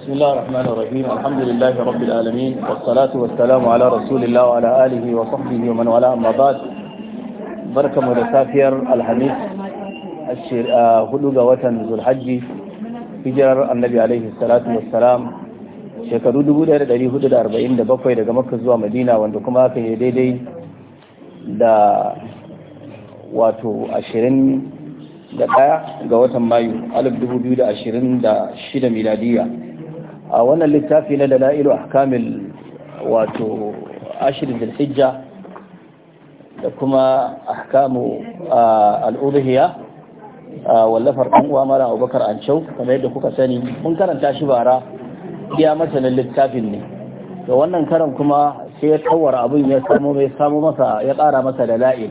بسم الله الرحمن الرحيم الحمد لله رب العالمين والصلاة والسلام على رسول الله وعلى آله وصحبه ومن والاه أما بعد بركة مدسافير الحميد الشر هدوغ وطن ذو الحج النبي عليه الصلاة والسلام شكرا hijirar annabi alaihi salatu wassalam shekaru 1447 في makka zuwa madina wanda kuma hakan ya daidai da wato 21 ga watan mayu 2026 miladiya a wannan littafi na dala'ilu ahkamil wato ashirin zulhijja da kuma ahkamu al'udhiya wallafar ɗan uwa mara abubakar ancau kamar yadda kuka sani mun karanta shi bara iya masanin littafin ne da wannan karan kuma sai ya tsawar abin ya samu mai samu masa ya ƙara masa dala'il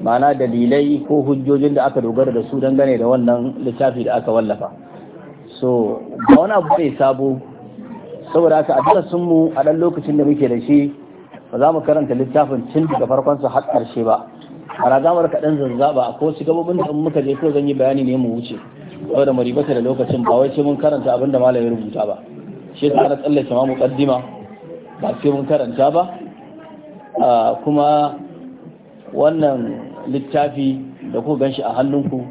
ma'ana dalilai ko hujjojin da aka dogara da su dangane da wannan littafi da aka wallafa so ba wani abu mai sabo saboda haka a darasin mu a dan lokacin da muke da shi ba za mu karanta littafin cin daga farkon sa har karshe ba ana za mu kaɗan zazzaba a kowace gabobin da muka je ko zan yi bayani ne mu wuce saboda mu ribata da lokacin ba wai ce mun karanta abin da malam ya rubuta ba shi na ana tsallake ma muqaddima ba ce mun karanta ba kuma wannan littafi da ku ganshi a hannunku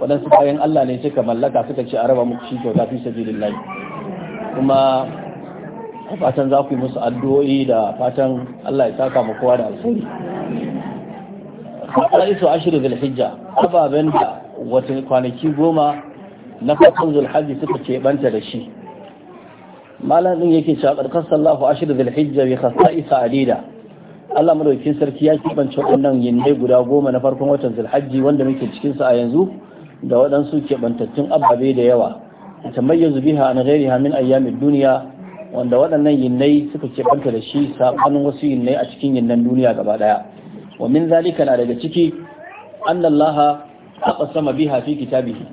waɗansu bayan Allah ne suka mallaka suka ce a raba muku shi kyauta fi sabilillahi kuma da fatan za ku yi musu addu'o'i da fatan Allah ya saka mu kowa da alheri Kwanar iso ashirin zulhijja ababen da wata kwanaki goma na farkon zulhajji suka keɓanta da shi malam ɗin yake cewa ƙarƙar sallahu ashirin zulhijja bai kasa isa alida Allah madaukakin sarki ya keɓance waɗannan dai guda goma na farkon watan zulhajji wanda muke cikinsa a yanzu da waɗansu keɓantattun ababe da yawa tamayyazu biha an gairi min ayyamin duniya wanda waɗannan yinnai suka keɓanta da shi saɓanin wasu yinnai a cikin yinnan duniya gaba ɗaya wa min zalika na daga ciki annallaha haɓa sama biha fi kitabihi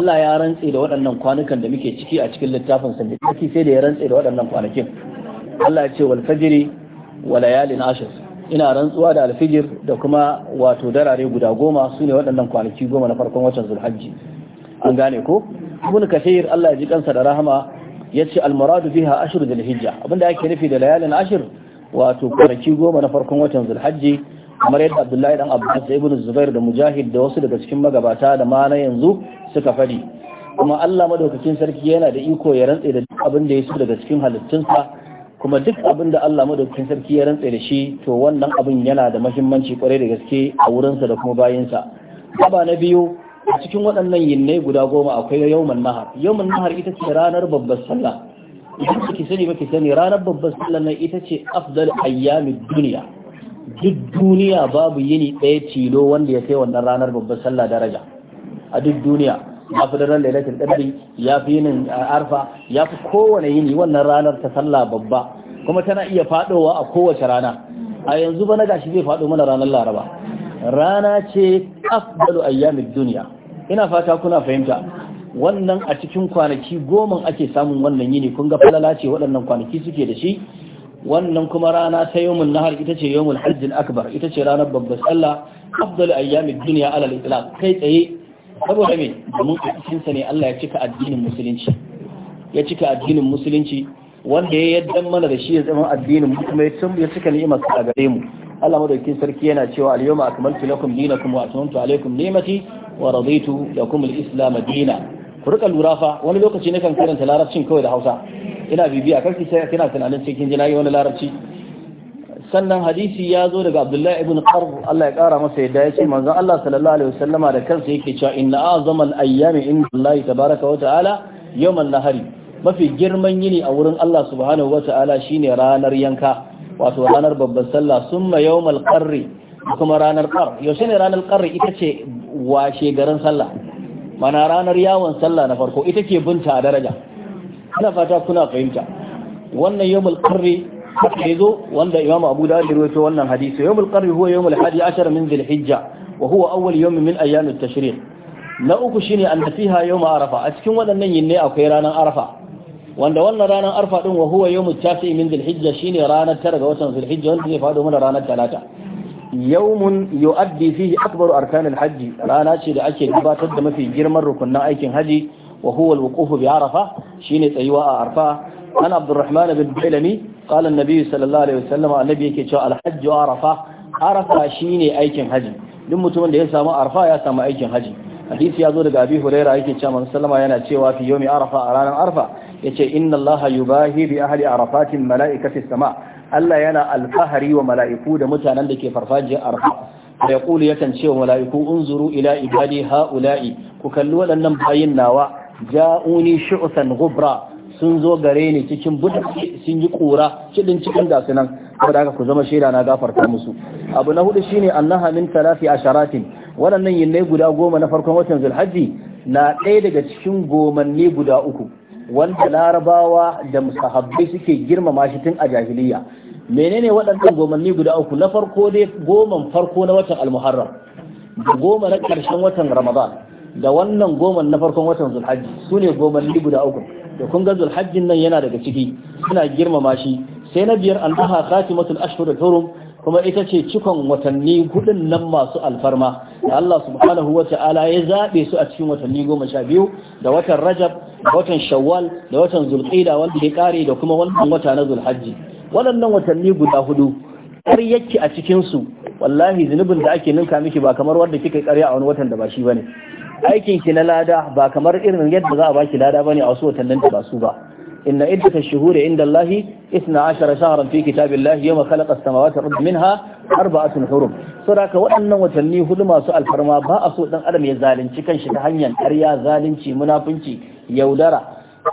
Allah ya rantse da waɗannan kwanukan da muke ciki a cikin littafin sa ne sai da ya rantse da waɗannan kwanakin Allah ya ce wal fajri wa layalin ashir ina rantsuwa da alfijir da kuma wato darare guda goma su ne waɗannan kwanaki goma na farkon watan zulhajji an gane ko ibn kathir Allah ya ji kansa da rahama yace al-muradu biha ashir dhul hijja abinda ake nufi da layalin ashir wato kwanaki goma na farkon watan zulhajji kamar yadda abdullahi dan abbas ibn zubair da mujahid da wasu daga cikin magabata da ma na yanzu suka fadi kuma Allah madaukakin sarki yana da iko ya rantse da duk abin da ya so daga cikin halittunsa kuma duk abinda Allah madaukakin sarki ya rantse da shi to wannan abin yana da muhimmanci kwarai da gaske a wurinsa da kuma bayinsa gaba na biyu a cikin waɗannan yinnai guda goma akwai yawman nahar yawman nahar ita ce ranar babbar sallah idan kike sani ba sani ranar babbar sallah nan ita ce afdal ayyamid duniya duk duniya babu yini ɗaya tilo wanda ya kai wannan ranar babbar sallah daraja a duk duniya ya fi daren lailatul qadri ya fi yinin eh, arfa ya fi kowane yini wannan ranar ta sallah babba kuma tana iya faɗowa a kowace rana a yanzu ba na gashi zai faɗo mana ranar laraba rana ce afdalu ayyamid duniya ina fata kuna fahimta wannan a cikin kwanaki goma ake samun wannan yini kun ga falala ce waɗannan kwanaki suke da shi wannan kuma rana ta yawmul nahar ita ce yawmul hajjil akbar ita ce ranar babbar sallah afdalu ayyamid duniya alal itlaq kai tsaye saboda me domin a cikin sa ne Allah ya cika addinin musulunci ya cika addinin musulunci wanda ya yaddan mana da shi ya zama addinin mu kuma ya cika ni'imar a gare mu Allah madaukakin sarki yana cewa al-yawma akmaltu lakum dinakum wa atmamtu alaykum ni'mati wa raditu lakum al-islam dina ku rika lura fa wani lokaci ne kan karanta larabcin kawai da Hausa ina bibiya karki sai kina tunanin cikin jinayi wani larabci sannan hadisi ya zo daga Abdullahi ibn Qarr Allah ya kara masa yadda ya ce manzon Allah sallallahu alaihi wasallama da kansa yake cewa inna azaman ayyami inda Allah tabaraka wa ta'ala yawmal nahari mafi girman yini a wurin Allah subhanahu wa ta'ala shine ranar yanka wato ranar babban sallah summa yawmal qarri kuma ranar yau yaushe ne ranar qar ita ce washe garin sallah mana ranar yawon sallah na farko ita ke binta a daraja ina fata kuna fahimta wannan yawmul qarri haka zo wanda Imam abu da ya wannan hadisi yawmul qarri huwa yawmul hadi ashar min dhilhijja wa huwa awwal yawmin min ayyam ta tashriq na uku shine an yau yawm arafa a cikin waɗannan ne akwai ranar arafa wanda wannan ranar arfa din wa huwa yawmut tasi min dhilhijja shine ranar tara ga watan dhilhijja wanda zai fado mana ranar talata yawmun yu'addi fihi akbaru arkanil hajji rana ce da ake gabatar da mafi girman rukunnan aikin haji wa huwa alwuqufu bi arafa shine tsayuwa a arfa an abdurrahman bin bailami qala sallallahu alaihi wasallam annabi yake cewa alhajju arafa arafa shine aikin haji duk mutumin da ya samu arfa ya samu aikin haji hadisi ya zo daga abi huraira yake cewa manzo sallama yana cewa fi yawmi arafa a ranar arfa yace inna allaha yubahi bi ahli arafatin malaikati sama Allah yana alfahari wa mala'iku da mutanen da ke farfajiyar arfa da ya kulu yakan ce wa mala'iku unzuru ila ibadi ha'ula'i ku kalli waɗannan bayin nawa ja'uni shu'san gubra sun zo gare ni cikin budurci sun yi kura cidin cikin gasu nan saboda haka ku zama shaida na gafarta musu abu na hudu shine annaha min talafi asharatin waɗannan yillai guda goma na farkon watan zulhajji na ɗaya daga cikin gomanni guda uku wanda larabawa da musahabbai suke girmama shi tun a jahiliya menene waɗannan gomanni guda uku na farko dai goman farko na watan almuharram da goma na ƙarshen watan ramadan da wannan goman na farkon watan zulhajji su ne gomanni guda uku da kun ga zulhajjin nan yana daga ciki suna girmama shi sai na biyar annaha khatimatul ashhurul hurum kuma ita ce cikon watanni hudun nan masu alfarma da Allah subhanahu wa ta'ala ya zaɓe su a cikin watanni goma sha biyu da watan rajab da watan shawwal da watan zulqida wanda ya kare da kuma wannan wata na zulhajji waɗannan watanni guda hudu har yake a cikin su wallahi zunubin da ake ninka miki ba kamar wanda kika karya a wani watan da ba shi bane aikin ki na lada ba kamar irin yadda za a baki lada bane a wasu watannin da ba su ba إن عدة الشهور عند الله 12 شهرا في كتاب الله يوم خلق السماوات والأرض منها أربعة حرم سراك وأن وتني هلما سؤال فرما با أسوء دان أدم يزالن شكن شتهنيا أريا زالن شي منافن شي يودارا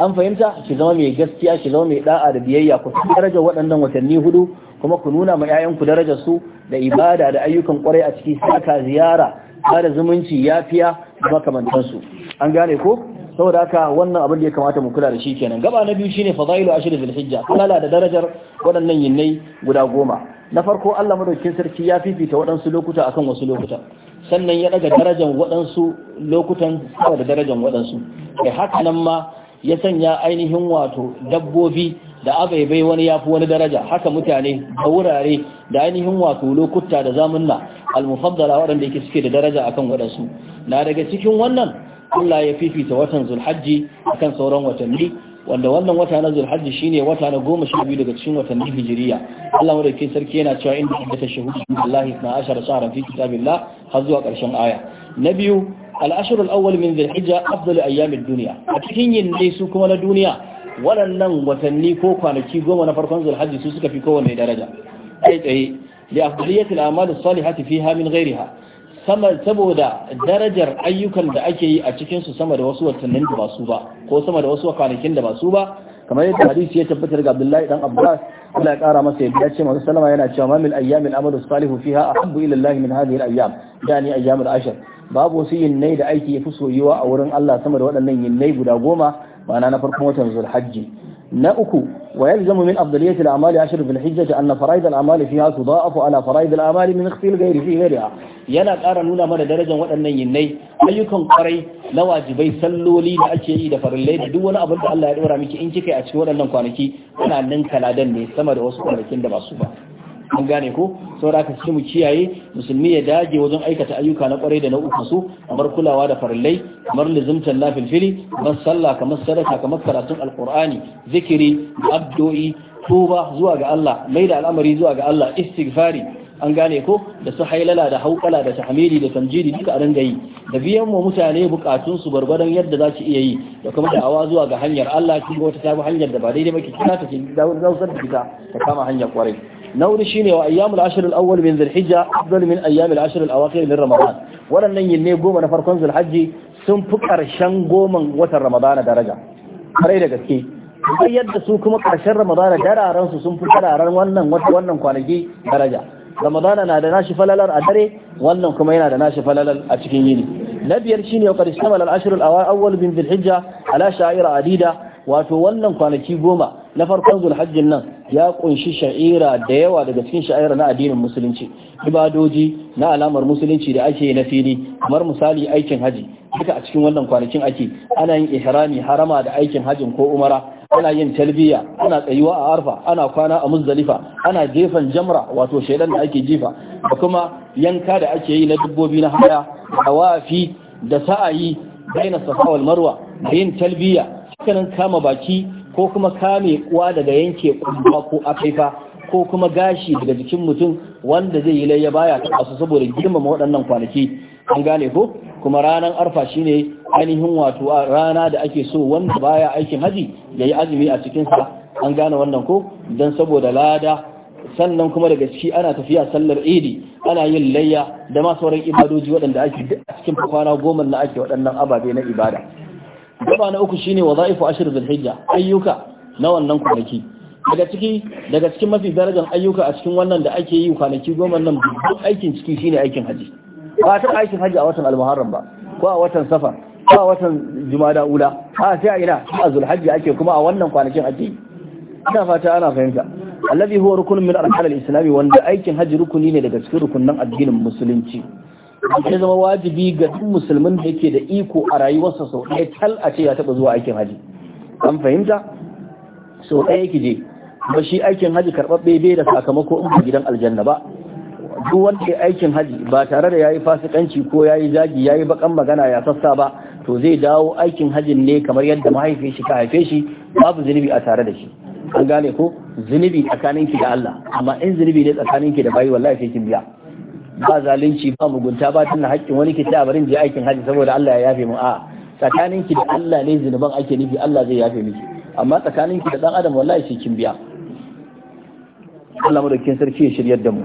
an fahimta ki zama mai gaskiya ki zama mai ɗa'a da biyayya ku san waɗannan watanni hudu kuma ku nuna ma 'ya'yanku darajar su da ibada da ayyukan kwarai a ciki saka ziyara ba da zumunci yafiya da makamantansu an gane ko saboda haka wannan abin da ya kamata mu kula da shi kenan gaba na biyu shine fadailu ashir zil hijja kula da darajar waɗannan yinnai guda goma na farko Allah madaukakin sarki ya fifita waɗansu lokuta akan wasu lokuta sannan ya daga darajar waɗansu lokutan da darajar waɗansu kai haka nan ma ya sanya ainihin wato dabbobi da abaibai wani yafi wani daraja haka mutane da wurare da ainihin wato lokuta da zamunna al-mufaddala waɗanda yake suke da daraja akan waɗansu na daga cikin wannan Allah ya fifita watan Zulhajji akan sauran watanni wanda wannan wata na Zulhajji shine wata na 12 daga cikin watannin Hijiriya Allah madaukakin sarki yana cewa inda inda ta shahudu Allah 12 shahra fi kitabillah har zuwa ƙarshen aya na biyu al-ashr al-awwal min Zulhijja afdal ayyam ad-dunya a cikin yin ne su kuma na duniya waɗannan watanni ko kwanaki goma na farkon Zulhajji su suka fi kowanne daraja kai tsaye li afdaliyatil a'mal as-salihati fiha min ha?" sama saboda darajar ayyukan da ake yi a cikinsu sama da wasu watannin da ba su ba ko sama da wasu kwanakin da ba su ba kamar yadda hadisi ya tabbatar daga Abdullahi dan Abbas Allah ya kara masa yadda ce manzo sallama yana cewa ma min ayyamin amalu salihu fiha ahabbu ila ilallahi min hadhihi al-ayyam yani ayyamul ashr babu wasu yinnai da aiki yafi soyuwa a wurin Allah sama da waɗannan yinnai guda goma ma'ana na farkon watan Zulhajji na uku wa zama min afdaliyati al-a'mali ashr fil hijjati anna faraid al-a'mali fiha tudha'afu ala faraid al-a'mali min ikhtil ghairi fi yana ƙara nuna mana darajar waɗannan yinnai ayyukan kwarai, na wajibai salloli da ake yi da farillai da duk wani abin da Allah ya dora miki in kika a cikin waɗannan kwanaki ana ninka ladan ne sama da wasu kwanakin da ba su ba an gane ko saboda haka sai mu kiyaye musulmi ya dage wajen aikata ayyuka na kwarai da na uku su kamar kulawa da farillai kamar lizimtan lafil fili kamar sallah kamar sadaka kamar karatun alqur'ani zikiri abdo'i tuba zuwa ga Allah mai da al'amari zuwa ga Allah istighfari an gane ko da su hailala da haukala da tahmili da tamjidi duka a dinga yi da biyan wa mutane bukatun su gwargwadon yadda za su iya yi da kuma da'awa zuwa ga hanyar Allah kin ga wata ta hanyar da ba daidai ba ki kira ta ki dawo da ta kama hanyar kwarai na shi ne wa ayyamul ashr al-awwal min dhulhijja afdal min ayyamil ashr al-awakhir min ramadan waɗannan yinne goma na farkon zulhajji sun fi karshen goman watan ramadana daraja kare da gaske sai yadda su kuma karshen ramadana dararen su sun fi dararen wannan wannan kwanaki daraja ramadana na da nashi falalar a dare wannan kuma yana da nashi falalar a cikin yini na biyar shine wa qad istamala al-ashr al-awwal min dhulhijja ala sha'ira adida wato wannan kwanaki goma na farkon zulhajjin nan ya kunshi sha'ira da yawa daga cikin sha'ira na addinin musulunci ibadoji na alamar musulunci da ake na fili kamar misali aikin haji duka a cikin wannan kwanakin ake ana yin ihrami harama da aikin hajin ko umara ana yin talbiya ana tsayuwa a arfa ana kwana a muzdalifa ana jefan jamra wato shaidan da ake jifa da kuma yanka da ake yi na dabbobi na haya tawafi da sa'ayi baina safa wal marwa da yin talbiya hakanan kama baki ko kuma kame kuwa daga yanke kumba ko afaifa ko kuma gashi daga jikin mutum wanda zai yi layya baya ta kasu saboda girmama waɗannan kwanaki an gane ko kuma ranar arfa shine ainihin wato rana da ake so wanda baya aikin haji ya yi azumi a cikinsa an gane wannan ko don saboda lada sannan kuma daga ciki ana tafiya sallar idi ana yin layya da ma sauran ibadoji waɗanda ake duk a cikin kwana goma na ake waɗannan ababe na ibada gaba na uku shine wadha'ifu ashir dhulhijja ayyuka na wannan kwanaki daga ciki daga cikin mafi darajar ayyuka a cikin wannan da ake yi kwanaki goma nan duk aikin ciki shine aikin haji ba ta aikin haji a watan al-muharram ba ko a watan safar ko a watan jumada ula a sai a ina a zulhajji ake kuma a wannan kwanakin haji ina fata ana fahimta alladhi huwa rukunun min arkan al-islam wanda aikin haji rukuni ne daga cikin rukunin addinin musulunci ya zama wajibi ga duk musulmin da yake da iko a rayuwarsa sau ɗaya tal a ce ya taɓa zuwa aikin haji an fahimta sau ɗaya ki je ba shi aikin haji karɓaɓɓe bai da sakamako in ba gidan aljanna ba duk wanda aikin haji ba tare da yayi fasikanci ko yayi zagi ya yi bakan magana ya sassa ba to zai dawo aikin hajin ne kamar yadda mahaifin shi ka haife shi babu zunubi a tare da shi an gane ko zunubi tsakaninki da Allah amma in zunubi ne tsakaninki da bayi wallahi sai kin biya ba zalunci ba mugunta ba tunda haƙƙin wani ke ta barin je aikin haji saboda Allah ya yafe mu a tsakanin ki da Allah ne zinuban ake nufi Allah zai yafe miki amma tsakanin ki da dan adam wallahi shi kin biya Allah kin sarki ya shiryar da mu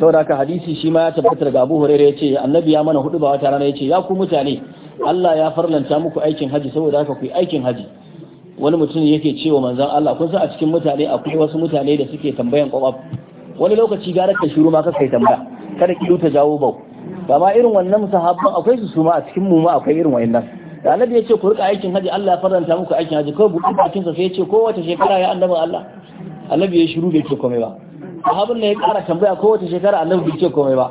saboda haka hadisi shi ma ya tabbatar ga Abu Hurairah yace annabi ya mana hudu ba wata rana yace ya ku mutane Allah ya farlanta muku aikin haji saboda haka ku yi aikin haji wani mutum yake cewa manzon Allah kun san a cikin mutane akwai wasu mutane da suke tambayan kwabab wani lokaci gara ka shiru ma ka kai tambaya kada ki ta jawo bau amma irin wannan sahabban akwai su suma a cikin mu ma akwai irin wayannan da annabi ya ce ku rika aikin haji Allah ya faranta muku aikin haji ko buɗe bakin sa sai ya ce kowace shekara ya annabi Allah annabi ya shiru bai ce komai ba sahabban ne ya kara tambaya kowace shekara annabi bai ce komai ba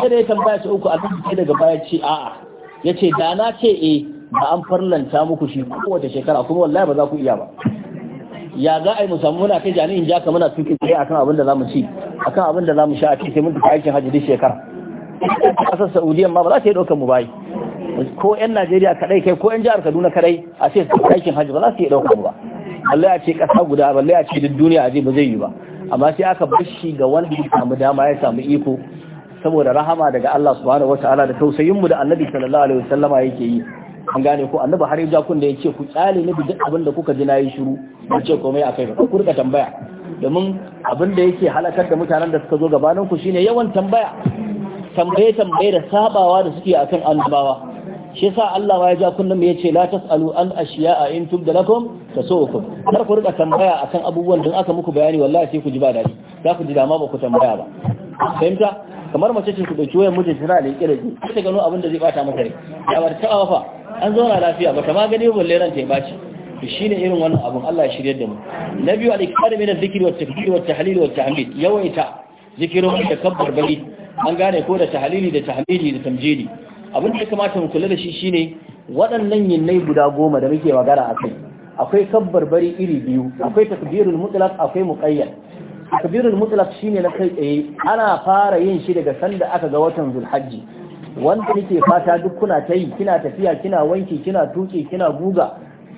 sai da ya tambaya ce uku annabi sai daga baya ce a'a ya ce da na ce eh ba an farlanta muku shi kowace shekara kuma wallahi ba za ku iya ba ya za a yi mu samu muna kai jami'in jaka muna tuki tsaye akan abin da za mu ci akan abin da za mu sha a sai mun tafi aikin hajji duk shekara kasar saudiyan ma ba za ta yi ɗaukar mu bayi ko yan najeriya kadai kai ko yan jihar kaduna kadai a ce su aikin hajji ba za su yi ɗaukar mu ba balle a ce ƙasa guda balle a ce duk duniya a ba zai yi ba amma sai aka bar shi ga wanda ya samu dama ya samu iko saboda rahama daga Allah subhanahu wataala da tausayin mu da annabi sallallahu alaihi wasallama yake yi an gane ko annabi har ya kun da ya ce ku tsale ni duk abin da kuka ji nayi shiru ba ce komai akai ba ku rika tambaya domin abin da yake halakar da mutanen da suka zo gabanin ku shine yawan tambaya tambaye tambaye da sabawa da suke akan annabawa shi yasa Allah ya ja kunnan ya ce la tasalu an ashiya'a in tubda lakum tasawukum kar ku rika tambaya akan abubuwan da aka muku bayani wallahi sai ku ji ba dadi za ku ji dama ba ku tambaya ba fahimta kamar mace ce ku dauki wayan mijin tana da kira ji ta gano abin da zai bata masa rai ya bar ta wafa an zauna lafiya ba ta ma gani balle ran ta ba baci to shine irin wannan abun Allah ya shiryar da mu na biyu al-ikrar min adh wa at wa tahlil wa tahmid yawaita zikirin bari an gane ko da tahlili da tahmidi da tamjidi abin da kamata mu kula da shi shine waɗannan yinnai guda goma da muke magana akai akwai kabbar bari iri biyu akwai takbirul mutlaq akwai muqayyad takbirul mutlaq shine na kai tsaye ana fara yin shi daga sanda aka ga watan zulhajji wanda nake fata duk kuna ta yi kina tafiya kina wanki kina tuki kina guga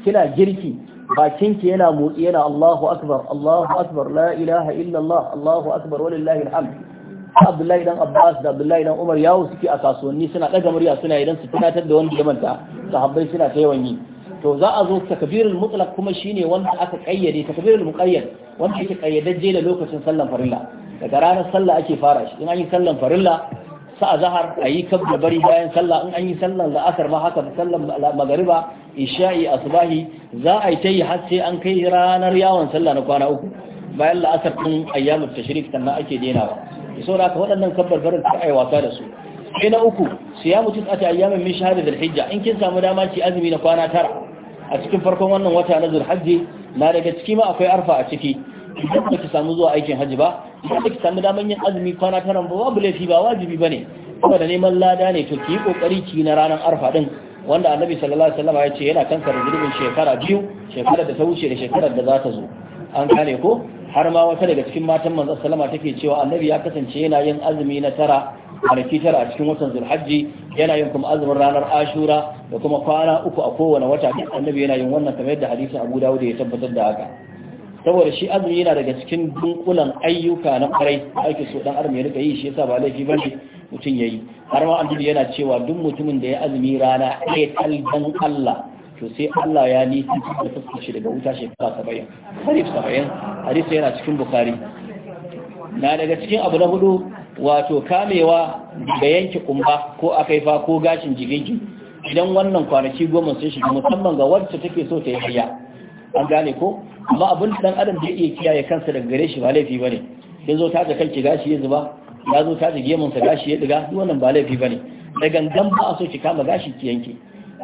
kina girki bakinki yana motsi yana Allahu akbar Allahu akbar la ilaha illallah Allahu akbar walillahi alhamd Abdullahi dan Abbas da Abdullahi dan Umar yawo suke a kasuwanni suna daga murya suna idan su tunatar da wanda ya manta sahabbai suna ta yawan yi to za a zo takbirul mutlaq kuma shine wanda aka kayyade takbirul muqayyad wanda ake kayyadajje da lokacin sallan farilla daga ranar sallah ake fara shi in an yi sallan farilla sa zahar ayi yi kab da bari bayan sallah in an yi sallan la'asar ma haka sallar magariba isha'i asubahi za a yi ta yi har sai an kai ranar yawon sallah na kwana uku bayan la'asar din ayyamut tashrik sannan ake denawa saboda haka waɗannan kabbar barin ka ai wasa da su sai na uku siyamu tis'ati ayyamin min shahri hijja in kin samu dama ci azumi na kwana tara a cikin farkon wannan wata na Hajji na daga ciki ma akwai arfa a ciki idan ba ki samu zuwa aikin hajji ba idan ba ki samu daman yin azumi kwana tara ba babu laifi ba wajibi bane kuma da neman lada ne to ki yi kokari ki na ranar arfa din wanda annabi sallallahu alaihi wasallam ya ce yana da zunubin shekara biyu shekarar da ta wuce da shekarar da za ta zo an gane ko har ma wata daga cikin matan manzo sallama take cewa annabi ya kasance yana yin azumi na tara kwanaki tara a cikin watan zulhajji yana yin kuma azumin ranar ashura da kuma kwana uku a kowane wata annabi yana yin wannan kamar yadda hadisi abu dawud ya tabbatar da haka saboda shi azumi yana daga cikin dunkulan ayyuka na kwarai da ake so dan adam ya rika yi shi yasa ba laifi ba ne mutum ya yi har ma annabi yana cewa duk mutumin da ya azumi rana ɗaya kalban Allah to sai Allah ya ni da fuskar shi daga wuta shekara saba'in harif saba'in hadisi yana cikin bukari na daga cikin abu na hudu wato kamewa da yanke kumba ko akaifa ko gashin jigigi idan wannan kwanaki goma sun shiga musamman ga wacce take so ta yi hayya an gane ko amma abin da dan adam da iya kiyaye kansa daga gare shi ba laifi bane ya zo ta kanki gashi ya zuba ya zo ta da gemunsa gashi ya diga duk wannan ba laifi bane da gangan ba a so ki kama gashi ki yanke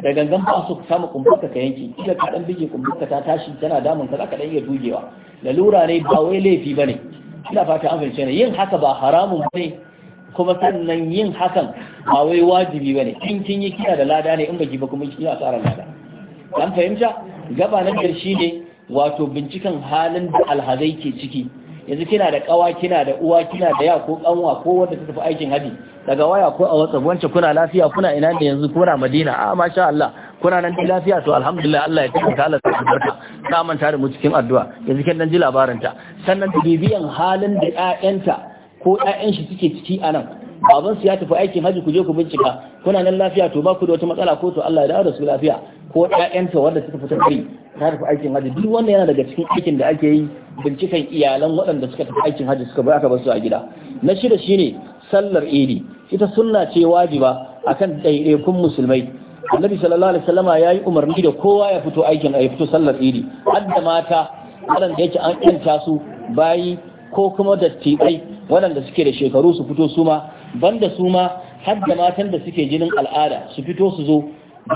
da gangan ba su samu kumbuka ka yanki kila ka dan bige kumbuka ta tashi tana damun ka zaka dan iya dugewa lalura ne ba wai laifi bane ina fata an fahimce ne yin haka ba haramun bane kuma sannan yin hakan ba wai wajibi bane in kin yi kina da lada ne in baki ba kuma kin tsara lada an fahimta gaba na karshe ne wato binciken halin da alhazai ke ciki yanzu kina da kawa kina da uwa kina da ya ko kanwa ko wanda ta tafi aikin haji daga waya ko a WhatsApp wance kuna lafiya kuna ina ne yanzu kuna Madina a ah, masha Allah kuna nan da lafiya to alhamdulillah Allah ya tabbata Allah ya tabbata ta manta da mu cikin addu'a yanzu kin dan ji labarin ta sannan bibiyan halin da ƴaƴanta ko ƴaƴan shi suke ciki anan baban su ya tafi aikin haji ku je ku bincika kuna nan lafiya to ba ku da wata matsala ko to Allah ya dawo da su lafiya ko ƴaƴanta wanda suka fita kai ta tafi aikin haji duk wanda yana daga cikin aikin da ake yi binciken iyalan waɗanda suka tafi aikin haji suka bar aka bar su a gida na shida shine sallar idi ita sunna ce wajiba akan ɗaiɗaikun musulmai annabi sallallahu alaihi wasallama yayi umarni da kowa ya fito aikin ya fito sallar idi hadda mata waɗanda yake an yanta su bayi ko kuma dattibai waɗanda suke da shekaru su fito su ma banda su ma har da matan da suke jinin al'ada su fito su zo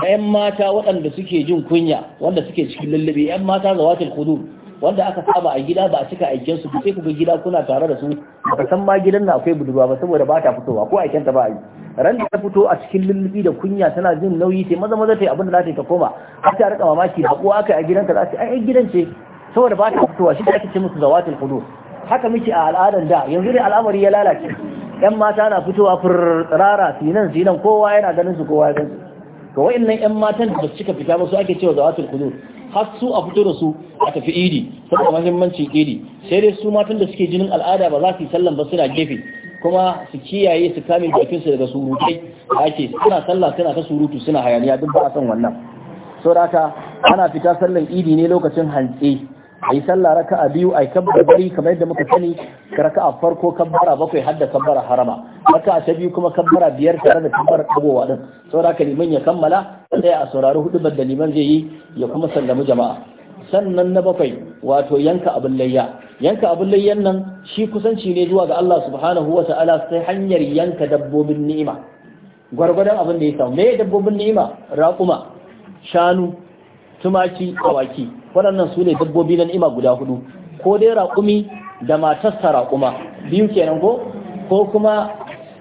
yan mata waɗanda suke jin kunya wanda suke cikin lullube yan mata zawatul hudur wanda aka saba a gida ba a cika aikin su sai ku ga gida kuna tare da su ba san ma gidan na akwai budurwa ba saboda ba ta fitowa ko aikin ta ba yi ran da ta fito a cikin lullubi da kunya tana jin nauyi sai maza maza ta abin da za ta yi ta koma har ta rika mamaki da ko aka yi a gidanka za ta ai gidan ce saboda ba ta fitowa shi da ake ce musu zawatul hudur haka muke a al'adan da yanzu dai al'amari ya lalace yan mata na fitowa furrara sinan sinan kowa yana ganin su kowa ya gan su ga wa'annan yan matan da suka fita ba su ake cewa zawatul kudur har su a fito da su a tafi idi saboda muhimmancin idi sai dai su matan da suke jinin al'ada ba za su sallan ba suna gefe kuma su kiyaye su kame jikin su daga surutai ake suna sallah suna ta surutu suna hayaniya duk ba a san wannan saboda ana fita sallan idi ne lokacin hantsi a sallah raka a biyu a yi kabbar bari kamar yadda muka sani raka a farko kabbara bakwai hadda kabbara harama raka ta biyu kuma kabbara biyar tare da kabbara tagowa din saboda haka liman ya kammala sai a saurari hudu da liman zai yi ya kuma sallamu jama'a sannan na bakwai wato yanka abin layya yanka abin layyan nan shi kusanci ne zuwa ga Allah subhanahu wa ta'ala sai hanyar yanka dabbobin ni'ima gwargwadon abin da ya samu me dabbobin ni'ima raƙuma shanu tumaki awaki waɗannan su ne dabbobi na ni'ima guda hudu ko dai raƙumi da matarsa raƙuma biyu kenan ko ko kuma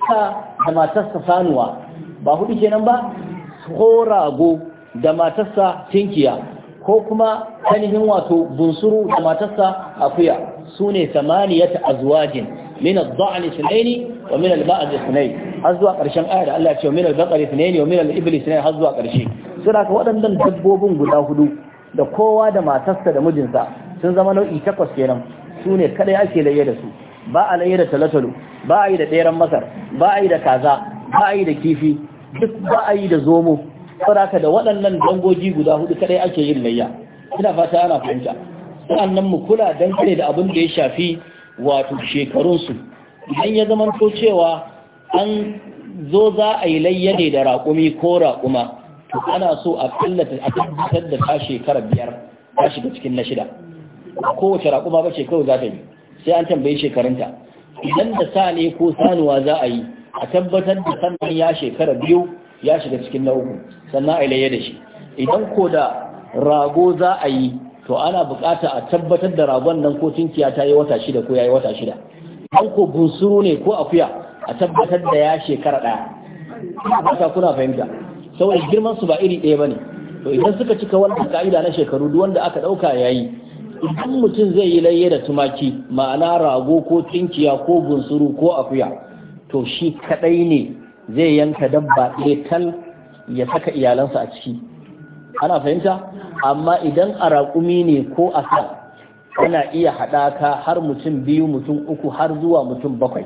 sa da matarsa sanuwa ba hudu kenan ba ko rago da matarsa tinkiya ko kuma kanihin wato bunsuru da matarsa akuya su ne samaniyata azwajin min ad-da'n ithnayn wa min al-ba'd ithnayn har zuwa ƙarshen da Allah ya ce min al-baqari ithnayn wa min al-ibli ithnayn har zuwa ƙarshe saboda ka waɗannan dabbobin guda hudu da kowa da matarsa da mijinsa sun zama nau'i takwas kenan su ne kaɗai ake laye da su ba a laye da talatalo ba a yi da ɗeran masar ba a yi da kaza ba a yi da kifi duk ba a yi da zomo ka da waɗannan dangogi guda hudu kaɗai ake yin layya ina fata ana fahimta sannan mu kula dangane da abin da ya shafi wato shekarunsu idan ya zama to cewa an zo za a yi layya ne da raƙumi ko raƙuma to ana so a tallata a tabbatar da ta shekara biyar ta shiga cikin na shida kowace raƙuma ba ce kawai za ta yi sai an tambayi shekarunta idan da sa ne ko sanuwa za a yi a tabbatar da sannan ya shekara biyu ya shiga cikin na uku sannan a ilayya da shi idan ko da rago za a yi to ana bukata a tabbatar da ragon nan ko tunkiya ta yi wata shida ko ya yi wata shida an ko bunsuru ne ko akuya a tabbatar da ya shekara ɗaya ba kuna fahimta saboda girman su ba iri ɗaya bane to idan suka cika wannan ka'ida na shekaru duk wanda aka dauka yayi idan mutum zai yi layye da tumaki ma'ana rago ko tinkiya ko bunsuru ko akuya to shi kadai ne zai yanka dabba ɗaya tal ya saka iyalansa a ciki ana fahimta amma idan a raƙumi ne ko a sa ana iya haɗaka har mutum biyu mutum uku har zuwa mutum bakwai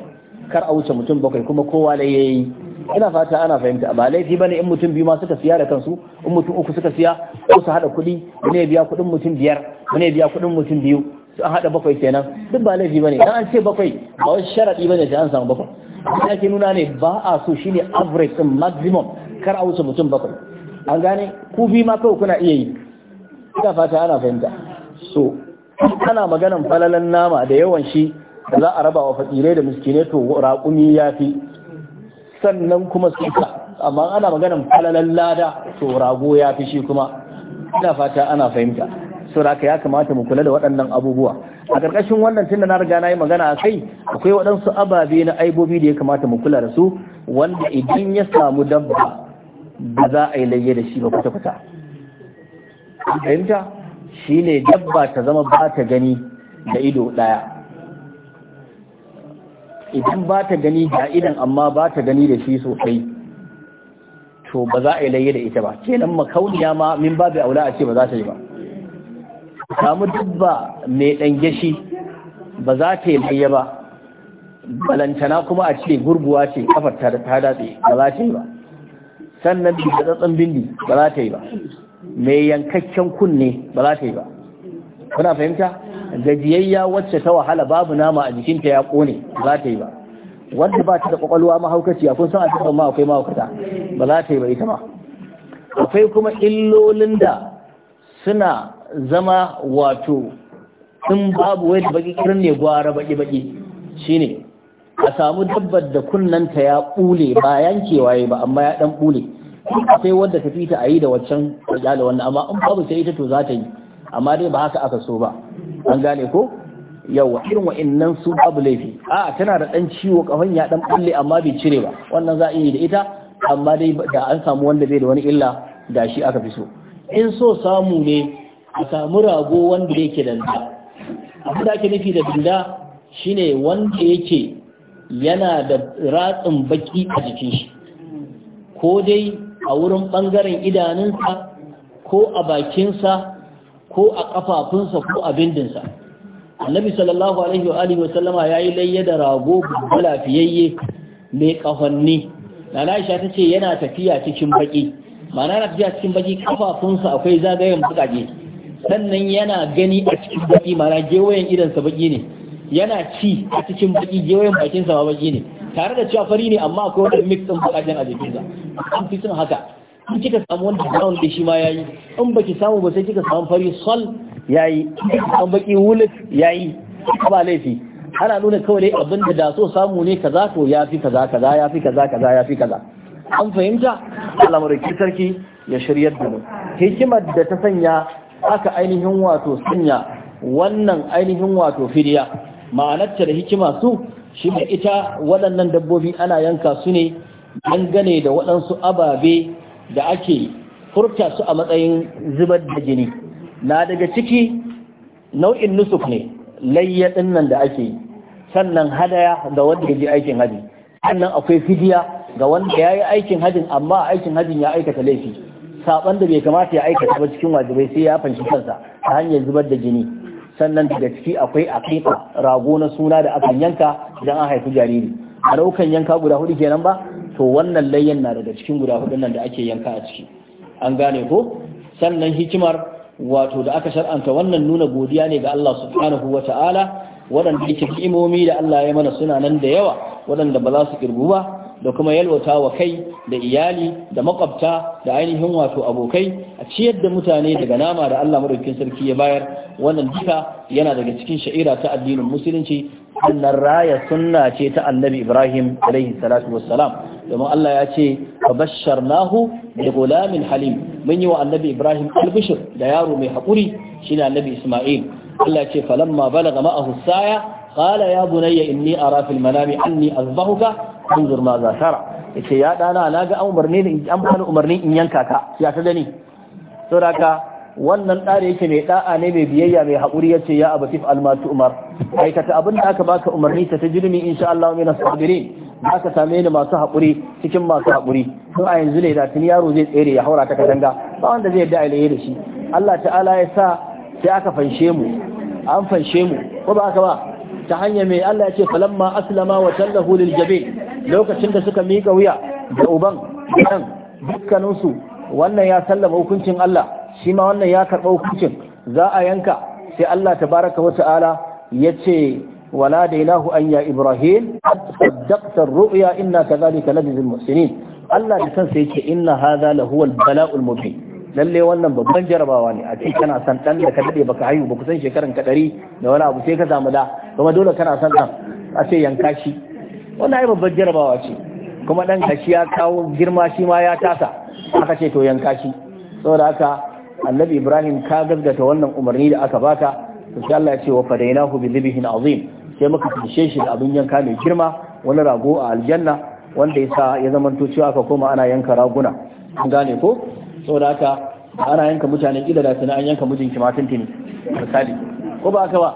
kar a wuce mutum bakwai kuma kowa da yayi ina fata ana fahimta ba laifi bane in mutum biyu ma suka siya da kansu in mutum uku suka siya ko su hada kuɗi ne ya biya kuɗin mutum biyar ne ya biya kuɗin mutum biyu su an hada bakwai kenan duk ba laifi bane dan an ce bakwai ba wani sharadi bane sai an samu bakwai ina ke nuna ne ba a so shine average din maximum kar a wuce mutum bakwai an gane ku bi ma kawai kuna iya yi ina fata ana fahimta so ana maganan falalan nama da yawan shi za a raba wa fakirai da miskinai to raƙumi ya fi sannan kuma su ka. amma ana maganan falalan lada to rago ya fi shi kuma ina fata ana fahimta saboda ya kamata mu kula da waɗannan abubuwa a ƙarƙashin wannan tunda na riga na yi magana a kai akwai waɗansu ababe na aibobi da ya kamata mu kula da su wanda idan ya samu dabba ba za a yi layye da shi ba kuta-kuta. fahimta shine dabba ta zama ba ta gani da ido ɗaya idan ba ta gani da idan amma ba ta gani da shi sosai to ba za a yi laye da ita ba kenan makauniya ma min ba bai aula a ce ba za ta yi ba samu dubba mai dan gashi ba za ta yi laye ba balantana kuma a ce gurguwa ce kafar ta ta datse ba za ta yi ba sannan bi da tsatsan bindi ba za ta yi ba mai yankakken kunne ba za ta yi ba kuna fahimta gajiyayya wacce ta wahala babu nama a jikinta ya kone za ta yi ba wanda ba ta da kwakwalwa mahaukaciya kun san a cikin ma akwai mahaukata ba za ta yi ba ita ma akwai kuma illolin da suna zama wato in babu wai da baki kirin ne gwara baki baki shine a samu dabbar da kunnanta ya bule ba yankewa ba amma ya dan bule sai wadda ta fita a yi da waccan da wannan amma in babu sai ita to za ta yi amma dai ba haka aka so ba an gane ko yawa irin waɗannan su babu laifi a tana da dan ciwo kafan ya dan kulle amma bai cire ba wannan za a yi da ita amma dai da an samu wanda zai da wani illa da shi aka fi so in so samu ne a samu rago wanda yake danda abu da ake nufi da binda shine wanda yake yana da ratsin baki a jikin shi ko dai a wurin bangaren idanunsa ko a bakinsa ko a kafafunsa ko a bindinsa annabi sallallahu alaihi wa alihi wasallama yayi layya da rago lafiyayye mai kahonni nana Aisha tace yana tafiya cikin baki mana yana tafiya cikin baki kafafunsa akwai zagayen bukaje sannan yana gani a cikin baki mana gewayen idansa baki ne yana ci a cikin baki gewayen bakinsa ma baki ne tare da cewa fari ne amma akwai wani mix din bukajen a jikinsa an fi son haka in kika samu wanda brown da shi ma yayi in baki samu ba sai kika samu fari sol yayi in baki wulif yayi ba laifi ana nuna kawai dai abin da so samu ne kaza to yafi kaza kaza yafi kaza kaza yafi kaza an fahimta ki sarki ya shiryar da mu hikimar da ta sanya aka ainihin wato sanya wannan ainihin wato fidiya ma'anarta da hikima su shi ita waɗannan dabbobi ana yanka su ne dangane da waɗansu ababe da ake furta su a matsayin zubar da jini na daga ciki nau'in nusuf ne layya nan da ake yi sannan hadaya ga wanda ya aikin haji sannan akwai fidiya ga wanda ya yi aikin hajin amma aikin hajin ya aikata laifi saban da bai kamata ya aikata ba cikin wajibai sai ya fanshi kansa ta hanyar zubar da jini sannan daga ciki akwai aqiqa rago na suna da akan yanka idan an haifi jariri a daukan yanka guda hudu kenan ba to wannan layyan na daga cikin guda hudun nan da ake yanka a ciki an gane ko sannan hikimar wato da aka shar'anta wannan nuna godiya ne ga Allah subhanahu wa ta'ala waɗanda yake ni'imomi da Allah ya mana suna nan da yawa waɗanda ba za su kirgu ba da kuma yalwata wa kai da iyali da makwabta da ainihin wato abokai a ciyar da mutane daga nama da Allah madaukakin sarki ya bayar wannan duka yana daga cikin sha'ira ta addinin musulunci wannan raya sunna ce ta annabi Ibrahim alaihi salatu wassalam domin Allah ya ce fa nahu da gulamin halim mun yi wa annabi Ibrahim albishir da yaro mai hakuri shine annabi Isma'il Allah ya ce falamma balagha ma'ahu saya qala ya bunayya inni ara fil manami anni azbahuka anzur ma za tara yace ya dana na ga umarni ne an bani umarni in yanka ka ya ka gani saboda ka wannan da yake mai da'a ne mai biyayya mai haƙuri yace ya abatif almatu umar aikata abin da aka baka umarni ta tajrimi insha Allah min as-sabirin ka same ni masu haƙuri cikin masu haƙuri tun a yanzu ne da tun yaro zai tsere ya haura ta katanga ba wanda zai yadda ailaye da shi Allah ta'ala ya sa sai aka fanshe mu an fanshe mu ko ba aka ba ta hanyar mai Allah ya ce falamma aslama wa tallahu lil jabin lokacin da suka miƙa wuya da uban ɗan dukkaninsu wannan ya sallama hukuncin Allah shi ma wannan ya karɓa hukuncin za a yanka sai Allah Ta tabaraka wata'ala ya ce wala da ilahu an ya ibrahim saddaqta ru'ya inna kadhalika najzil muhsinin Allah da kansa yake inna hadha lahu al bala'ul mubin lalle wannan babban jarabawa ne a cikin kana san dan da ka dade baka haihu ba kusan shekaran ka da wani abu sai ka zamu da kuma dole kana san dan a ce yanka shi wannan ai babbar jarabawa ce kuma dan kashi ya kawo girma shi ma ya tasa aka ce to yanka shi saboda haka annabi ibrahim ka gaggata wannan umarni da aka baka to sai Allah ya ce wa fadainahu bi dhibhin azim sai muka kishe shi da abin yanka mai girma wani rago a aljanna wanda ya sa ya zamanto cewa aka koma ana yanka raguna an gane ko saboda haka ana yanka mutane kila da tana an yanka mijinki ma tuntuni misali ko ba ka ba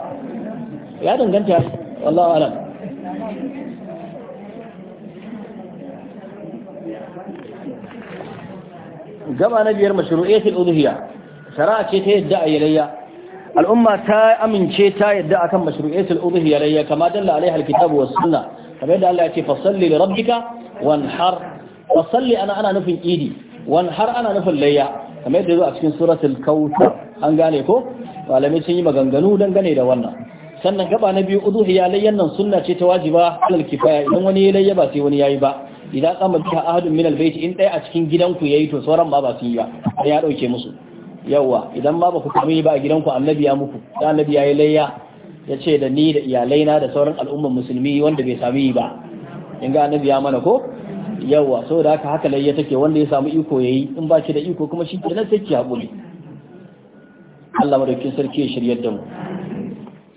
ya danganta wallahi alam gaba na biyar mashru'iyatul udhiya shari'a ce ta yadda a yalayya al'umma ta amince ta yadda akan mashru'iyatul udhiya yalayya kama dalla alaiha alkitabu was sunna kamar da Allah ya ce fasalli li rabbika wanhar fasalli ana ana nufin idi wanhar ana nufin layya kamar yadda zo a cikin suratul kautsar an gane ko malamai sun yi maganganu dangane da wannan sannan gaba na biyu udhiya layyan nan sunna ce ta wajiba alal kifaya idan wani ya layya ba sai wani yayi ba idan kamar ta ahadun minal albayti in ɗaya a cikin gidanku ya yi to sauran ba ba su yi ba sai ya ɗauke musu Yawwa, idan ma ba ku sami ba a gidanku annabi ya muku da annabi ya yi layya ya ce da ni da iyalaina da sauran al'umman musulmi wanda bai sami yi ba in ga annabi ya mana ko so da haka haka layya take wanda ya samu iko ya yi. in ba ki da iko kuma shi nan sai ki haƙuri Allah madaukin sarki ya shiryar da mu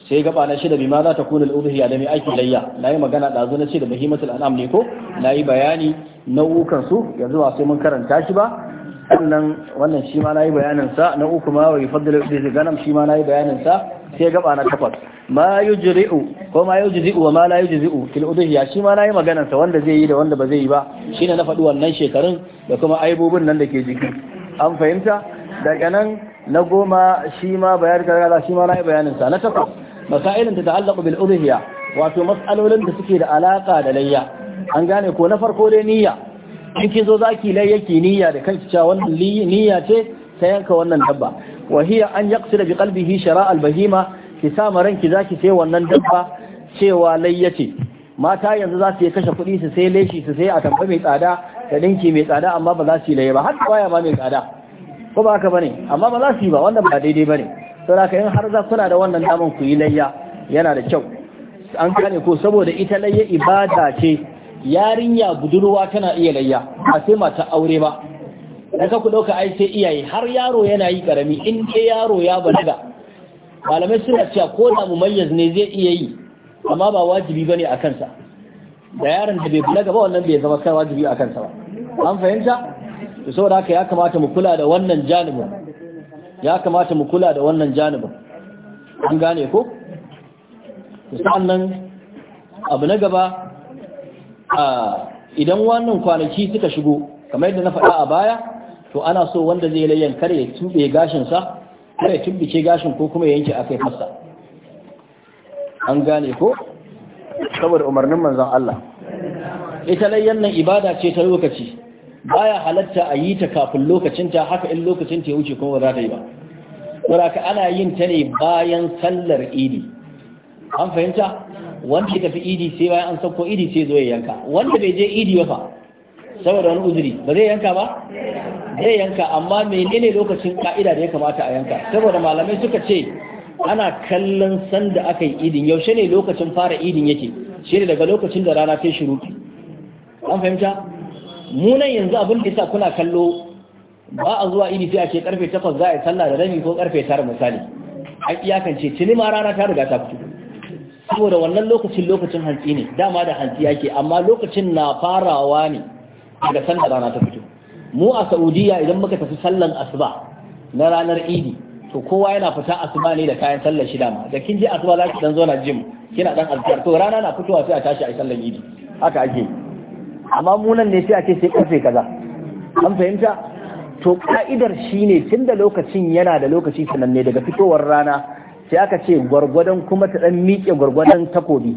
sai gaba na shida bima za ta kuna al'udhiya da mai aikin layya na yi magana ɗazu na ce da muhimmatul an'am ne ko na yi bayani nau'ukan su yanzu ba sai mun karanta shi ba sannan wannan shi ma na yi bayanin sa na uku ma wa yufaddal al'udhiya ganam shi ma na yi bayanin sa sai gaba na takwas ma yujri'u ko ma yujzi'u wa ma la yujzi'u fil udhiya shi ma na yi maganar sa wanda zai yi da wanda ba zai yi ba shine na faɗi wannan shekarun da kuma aibubun nan da ke jiki an fahimta daga nan na goma shi ma bayar kaza shi ma na yi bayanin sa na takwas masailin ta ta'allaqu bil udhiya wato mas'alolin da suke da alaka da layya an gane ko na farko dai niyya in ki zo zaki layya ki niyya da kanki cewa wannan niyya ce ta yanka wannan dabba wa hiya an da bi qalbihi shara' al bahima ki sa maran ki zaki sai wannan dabba cewa layya ce mata yanzu za su yi kashe kuɗi su sai leshi su sai a tamfa mai tsada da ɗinki mai tsada amma ba za su yi ba har waya ba mai tsada ko ba haka bane amma ba za su yi ba wannan ba daidai bane saboda in har za kuna da wannan daman ku yi layya yana da kyau an gane ko saboda ita layya ibada ce yarinya budurwa tana iya layya ba sai mata aure ba daga ku dauka ai sai iyaye har yaro yana yi karami in dai yaro ya balaga malamai suna cewa ko da mumayyiz ne zai iya yi amma ba wajibi bane a kansa da yaron da bai balaga ba wannan bai zama kai wajibi a kansa ba an fahimta to saboda haka ya kamata mu kula da wannan janibin ya kamata mu kula da wannan janibin an gane ko sannan abu na gaba idan wannan kwanaki suka shigo kamar yadda na faɗa a baya to ana so wanda zai layyan kare ya tube gashinsa kare ya tubbice gashin ko kuma ya yanke a kai fasa an gane ko saboda umarnin manzan Allah ita layyan nan ibada ce ta lokaci baya halatta a yi ta kafin lokacinta haka in lokacinta ya wuce kuma ba za ta yi ba ka ana yin ta ne bayan sallar idi an fahimta wanda ya tafi idi sai bayan an sauko idi sai zo ya yanka wanda bai je idi ba saboda wani uzuri ba zai yanka ba zai yanka amma menene lokacin ka'ida da ya kamata a yanka saboda malamai suka ce ana kallon sanda aka yi idin yaushe ne lokacin fara idin yake shi ne daga lokacin da rana ta shiru an fahimta mu nan yanzu abin da sa kuna kallo ba a zuwa idi sai a ce karfe takwas za a yi sallah da rami ko karfe 9 misali a iyakance tuni ma rana ta riga ta fito saboda wannan lokacin lokacin hantsi ne dama da hantsi yake amma lokacin na farawa ne daga sanda rana ta fito mu a Saudiya idan muka tafi sallan asuba na ranar idi to kowa yana fita asuba ne da kayan sallar shida dama da kin je asuba za ki dan zo na jim kina dan azkar to rana na fitowa sai a tashi a sallar idi haka ake yi amma munan ne sai a ce sai karfe kaza an fahimta to ka'idar shine tun da lokacin yana da lokaci sananne daga fitowar rana sai aka ce gwargwadon kuma ta dan miƙe gwargwadon takobi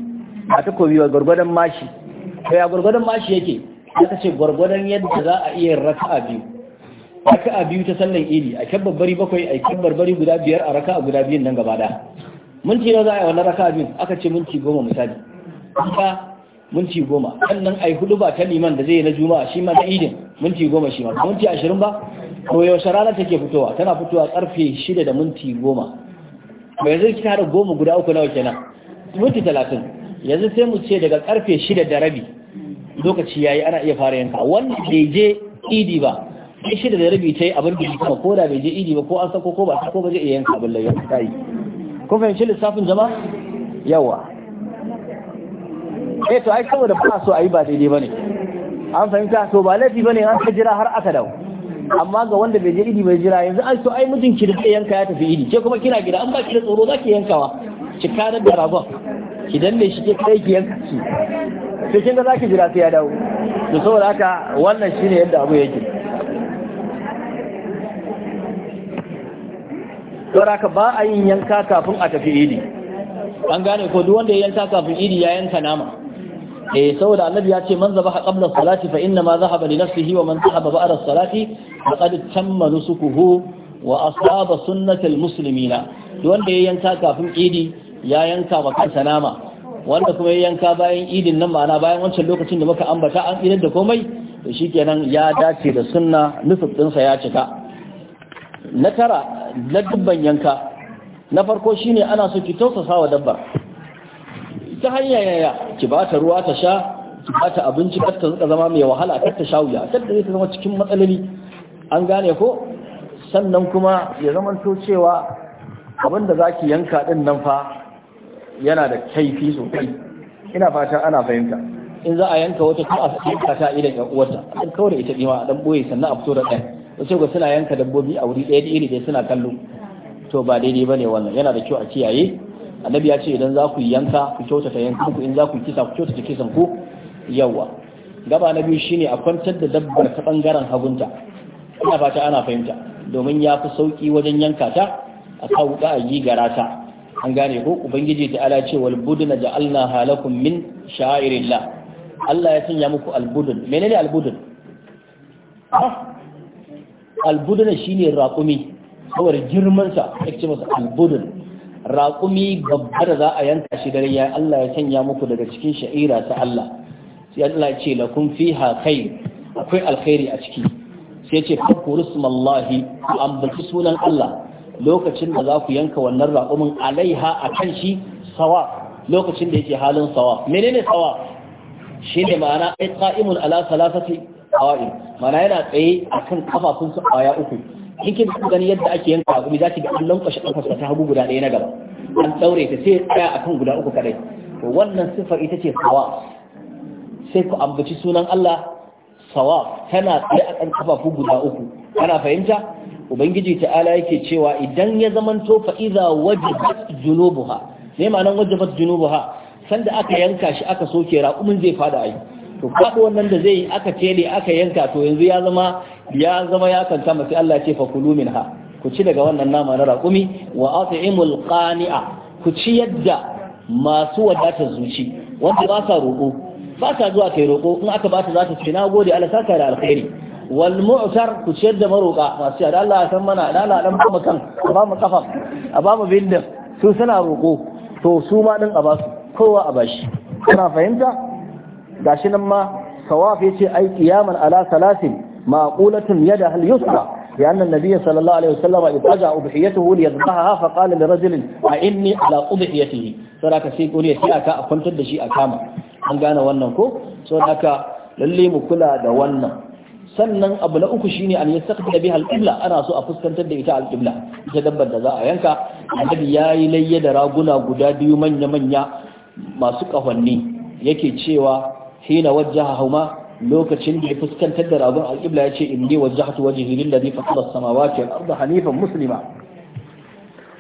a takobi wa gwargwadon mashi to ya gwargwadon mashi yake aka ce gwargwadon yadda za a iya raka a biyu raka a biyu ta sallan idi a kyan babbari bakwai a kyan babbari guda biyar a raka a guda biyun nan gaba ɗaya minti nawa za a yi wannan a biyu aka ce minti goma misali minti goma sannan a yi hudu ba ta liman da zai yi na juma'a shi ma na idin minti goma shi ma minti ashirin ba ko yaushe rana take fitowa tana fitowa karfe shida da minti goma ba yanzu ki tara goma guda uku nawa kenan minti talatin yanzu sai mu ce daga karfe shida da rabi lokaci ya yi ana iya fara yanka wanda bai je idi ba sai shida da rabi ta yi abin da kuma ko da bai je idi ba ko an sako ko ba sako ba zai iya yanka abin lai ya yi kun fahimci lissafin jama'a yawa eh to ai saboda ba so ayi ba daidai bane an fahimta to ba laifi bane an ka jira har aka dawo amma ga wanda bai je idi bai jira yanzu ai to ai mijin ki da yanka ya tafi idi ke kuma kina gida an ba ki da tsoro zaki yankawa ki kana da ragon ki danne shi ke kai ki yanka ki to kin da zaki jira sai ya dawo to saboda haka wannan shine yadda abu yake saboda haka ba a yin yanka kafin a tafi idi an gane ko duk wanda ya yanka kafin idi ya yanka nama eh saboda annabi ya ce man zabaha qabla salati fa inna ma zahaba li nafsihi wa man zahaba ba'da salati faqad tamma nusukuhu wa asaba sunnata almuslimina wanda ya yanka kafin idi ya yanka wa kansa nama wanda kuma ya yanka bayan idin nan ma'ana bayan wancan lokacin da muka ambata an idan da komai to shikenan ya dace da sunna nufin ɗinsa ya cika na tara na dubban yanka na farko shine ana so ki tausasa wa dabbar ta hanya yaya ki ba ta ruwa ta sha ki ba ta abinci kar ta zuka zama mai wahala kar ta sha wuya kar da ta zama cikin matsaloli an gane ko sannan kuma ya zaman zamanto cewa abin da zaki yanka din nan fa yana da kaifi sosai ina fata ana fahimta in za a yanka wata ko a yanka ta idan ya uwarta an kawar ita bima a dan boye sannan a fito da ɗaya wasu ga suna yanka dabbobi a wuri ɗaya da iri da suna kallo to ba daidai ba ne wannan yana da kyau a kiyaye annabi ya ce idan za ku yanka ku kyautata yanka ku in za ku kisa ku kyautata kisan ku yawa gaba na biyu shine a kwantar da dabbar ta bangaren hagunta ina fata ana fahimta domin ya fi sauki wajen yanka ta a sa wuka a yi gara ta an gane ko ubangiji ta ala ce wal budun ja'alna halakum min sha'irillah Allah ya sanya muku albudun menene albudun albudun shine raƙumi saboda girman sa yake masa albudun raƙumi babba da za a yanka shi dare ya Allah ya sanya muku daga cikin sha'ira ta Allah sai Allah ya ce lakum fiha khair akwai alkhairi a ciki sai ya ce fakuru smallahi ku ambaci sunan Allah lokacin da za ku yanka wannan raƙumin alaiha a kan shi sawa lokacin da yake halin sawa menene sawa ne ma'ana ai ala salasati qa'im ma'ana yana tsaye akan a aya uku in kin ku gani yadda ake yanka gumi za ki ga an lankwashe kafarsa ta hagu guda ɗaya na gaba an tsaure ta sai tsaya akan guda uku kadai to wannan sifar ita ce sawa sai ku ambaci sunan Allah sawa tana tsaye a kan kafafu guda uku ana fahimta ubangiji ta ta'ala yake cewa idan ya zamanto fa iza wajibat junubuha ne ma'anar wajibat junubuha sanda aka yanka shi aka soke raƙumin zai fada ai to faɗo wannan da zai aka tele aka yanka to yanzu ya zama ya zama ya kanta sai Allah ce fa kulu ha, ku ci daga wannan nama na raƙumi wa at'imul qani'a ku ci yadda masu wadatar zuci wanda ba sa roƙo ba sa zuwa kai roƙo in aka bata za ta ce na gode Allah saka da alkhairi wal mu'tar ku ci yadda maroƙa masu yadda Allah ya san mana da Allah dan ba mu kan ba mu kafa a ba mu su suna roƙo to su ma din a basu kowa a bashi kana fahimta gashi nan ma sawaf yace ai qiyaman ala salasin معقولة يدها a لأن النبي صلى الله عليه وسلم saraka sai ليذبحها فقال لرجل أعني على أضحيته فلاك سيقول يسيئك أكنت الدشيء كاما أن قانا وننكو mu kula da wannan. sannan abu na uku shine an yastaqbil biha al-qibla ana so a fuskantar da ita al-qibla ita dabbar da za a yanka annabi yayi layya da raguna guda biyu manya manya masu kahonni yake cewa hina hauma. lokacin da ya fuskantar da ragon alƙibla ya ce in ne wajahtu wajhi lillazi fatara sama wal arda hanifan musulma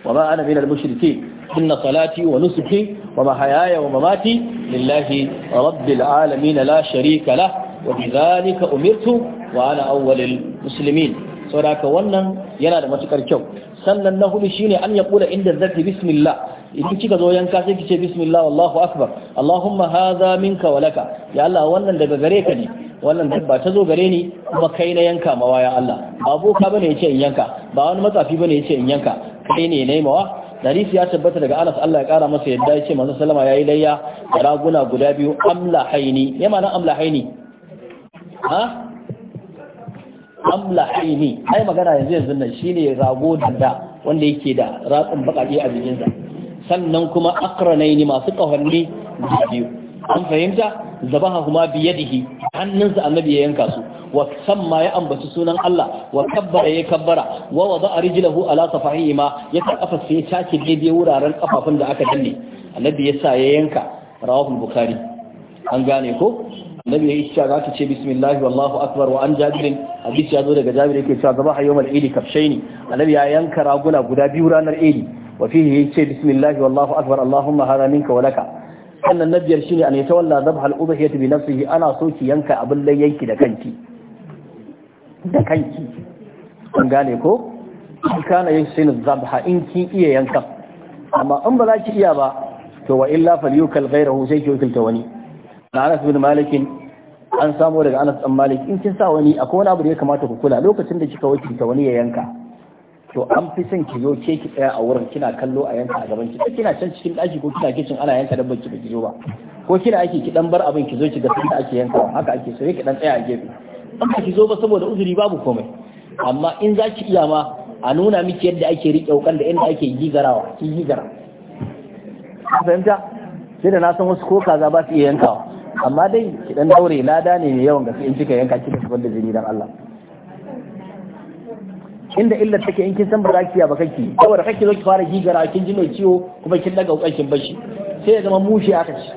wa ma ana minal mushrikeen inna salati wa nusuki wa mahayaya wa mamati lillahi rabbil alamin la sharika la wa bidhalika umirtu wa ana awwalul muslimin saboda haka wannan yana da matukar kyau sannan na hudu shine an ya kula inda zaki bismillah idan kika zo yanka sai kice bismillah wallahu akbar allahumma hadha minka wa laka ya Allah wannan daga gare ka ne wannan dabba ta zo gare ni kuma kai na yanka mawa ya Allah ba boka bane yace in yanka ba wani matsafi bane yace in yanka kai ne nayi mawa Dari ya tabbata daga Anas Allah ya kara masa yadda yace manzo sallama yayi layya da raguna guda biyu amla haini ya ma'ana amla haini ha amla aini ai magana yanzu yanzu nan shine rago danda wanda yake da ratsin bakake a jikinsa sannan kuma akranaini masu kahonni da biyu an fahimta zabaha kuma biyadihi hannunsa annabi ya yanka su wa samma ya ambaci sunan Allah wa kabbara ya kabbara wa wada rijlahu ala safahihi ma ya kafa sai ya take daidai wuraren kafafun da aka danne annabi ya sa ya yanka Rahul bukhari an gane ko annabi ya isha za ta ce bismillah wallahu akbar wa an jabirin hadisi ya zo daga jabir yake cewa zabaha yawmal idi kafshaini annabi ya yanka raguna guda biyu ranar idi wa fihi ya ce bismillah wallahu akbar allahumma hada minka wa laka sannan na biyar shine an yatawalla zabha al udhiyati bi nafsihi ana so ki yanka abin layyanki da kanki da kanki kun gane ko kana yasin zabha in ki iya yanka amma in ba za ki iya ba to wa illa falyukal ghayrahu sai ki wakilta wani na Anas bin Malik an samu daga Anas ɗan Malik in kin sa wani akwai wani abu da ya kamata ku kula lokacin da kika ta wani ya yanka to an fi son ki zo ke ki tsaya a wurin kina kallo a yanka a gaban ki kina can cikin daki ko kina kicin ana yanka dabbar ki baki zo ba ko kina aiki ki dan bar abin ki zo ki ga sanda ake yanka haka ake so ki dan tsaya a gefe an ba ki zo ba saboda uzuri babu komai amma in za ki iya ma a nuna miki yadda ake riƙe wukan da yadda ake gigarawa ki gigara fahimta sai da na san wasu ko kaza ba su iya yankawa amma dai kiɗan daure lada ne mai yawan gaske in kika yanka kika zubar da jini dan Allah inda illa take in kin san ba ki ba kake saboda kake zo ki fara gigara kin ji mai ciwo kuma kin daga ukakin bashi sai ya zama mushi aka ci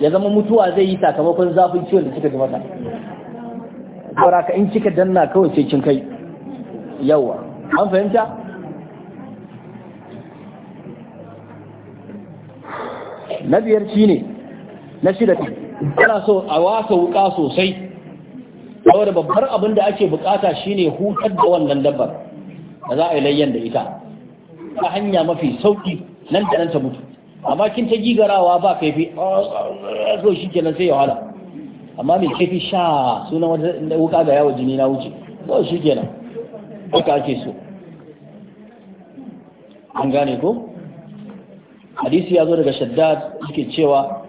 ya zama mutuwa zai yi sakamakon zafin ciwon da kika ji maka, saboda ka in kika danna kawai sai kin kai yawa an fahimta na biyar shine na shida ana so a wasa wuka sosai saboda babbar abin da ake bukata shine hutar da wannan dabbar da za a yi layyan da ita ta hanya mafi sauki nan da nan ta mutu amma kin ta gigarawa ba kaifi so shi kenan sai ya wahala amma mai kaifi sha sunan wata wuka ga yawon jini na wuce so shi kenan haka ake so an gane ko hadisi ya zo daga shaddad yake cewa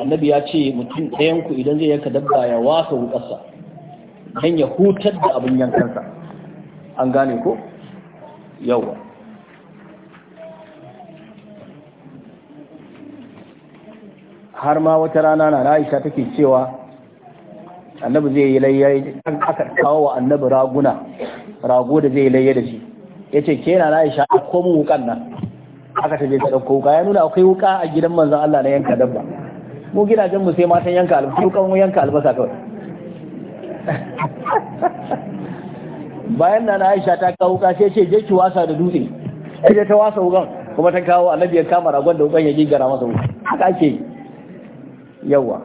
annabi ya ce mutum ɗayan ku idan zai yanka dabba ya wasa wukarsa don ya hutar da abin yankansa an gane ko yawa har ma wata rana na Aisha take cewa annabi zai yi layya an aka kawo wa annabi raguna rago da zai layya da shi yace ke na Aisha a mu wukan nan aka zai ta dauko wuka ya nuna akwai wuka a gidan manzan Allah na yanka dabba mu gidajen mu sai matan yanka albasa su kan yanka albasa kawai bayan nan Aisha ta kawo ka sai ce je ki wasa da dutse sai ta wasa wugan kuma ta kawo annabi ya kama ragon da wukan ya gigara masa wuka haka ake yawa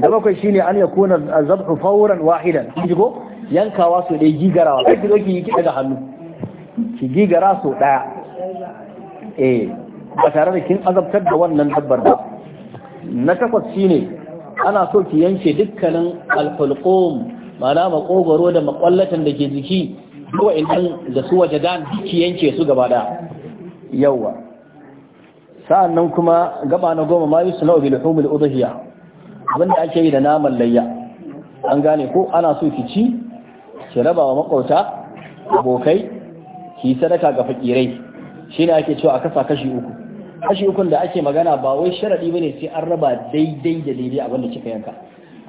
da bakwai shine an yakuna zabhu fawran wahidan kiji ko yankawa so dai gigarawa kai ki ki ki daga hannu ki gigara so daya eh ba tare da kin azabtar da wannan dabbar ba na takwas shine ana so ki yanke dukkanin alfalqum ma'ana makogoro da makwallatan da ke jiki duwa idan da su waje dan ki yanke su gaba da yawa sa'annan kuma gaba na goma ma yusna bil humul udhiya abinda ake yi da naman layya an gane ko ana so ki ci ki raba wa makauta abokai ki sadaka ga fakirai shine ake cewa a kasa kashi uku kashi ukun da ake magana ba wai sharaɗi ne sai an raba daidai da daidai abin da kika yanka